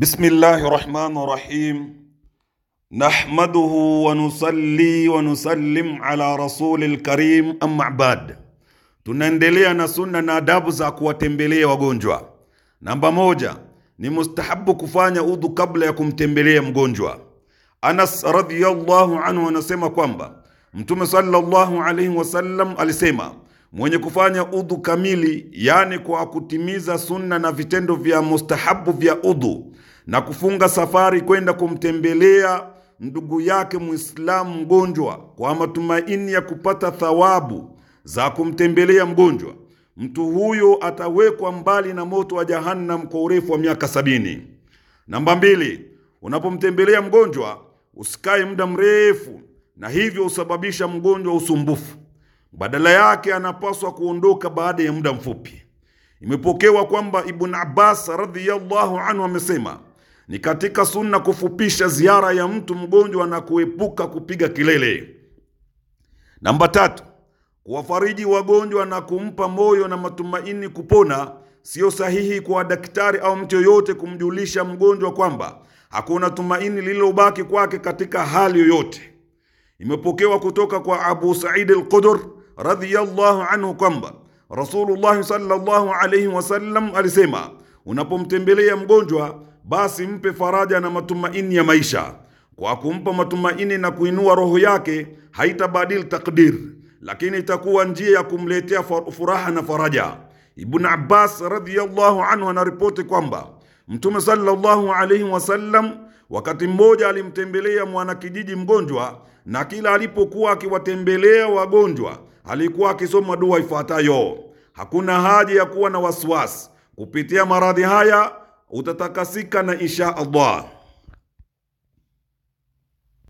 Bismillahi rahmani rahim nahmaduhu wanusalli wanusallim ala rasuli lkarim amma bad. Tunaendelea na sunna na adabu za kuwatembelea wagonjwa. Namba moja ni mustahabu kufanya udhu kabla ya kumtembelea mgonjwa. Anas radhiyallahu anhu anasema kwamba Mtume sallallahu alayhi wasallam alisema mwenye kufanya udhu kamili, yaani kwa kutimiza sunna na vitendo vya mustahabu vya udhu na kufunga safari kwenda kumtembelea ndugu yake Muislamu mgonjwa kwa matumaini ya kupata thawabu za kumtembelea mgonjwa, mtu huyo atawekwa mbali na moto wa Jahannam kwa urefu wa miaka sabini. Namba mbili, unapomtembelea mgonjwa usikae muda mrefu, na hivyo husababisha mgonjwa usumbufu. Badala yake anapaswa kuondoka baada ya muda mfupi. Imepokewa kwamba Ibn Abbas radhiyallahu anhu amesema ni katika sunna kufupisha ziara ya mtu mgonjwa na kuepuka kupiga kelele. Namba tatu, kuwafariji wagonjwa na kumpa moyo na matumaini kupona. Sio sahihi kwa daktari au mtu yoyote kumjulisha mgonjwa kwamba hakuna tumaini lililobaki kwake katika hali yoyote. Imepokewa kutoka kwa Abu Said al qudr radhiyallahu anhu kwamba Rasulullah sallallahu alayhi wasallam alisema, unapomtembelea mgonjwa basi mpe faraja na matumaini ya maisha. Kwa kumpa matumaini na kuinua roho yake, haitabadili takdir, lakini itakuwa njia ya kumletea furaha na faraja. Ibn Abbas radhiyallahu anhu anaripoti kwamba Mtume sallallahu alayhi wasallam wakati mmoja alimtembelea mwanakijiji mgonjwa, na kila alipokuwa akiwatembelea wagonjwa alikuwa akisoma dua ifuatayo: hakuna haja ya kuwa na wasiwasi kupitia maradhi haya utatakasika na insha Allah.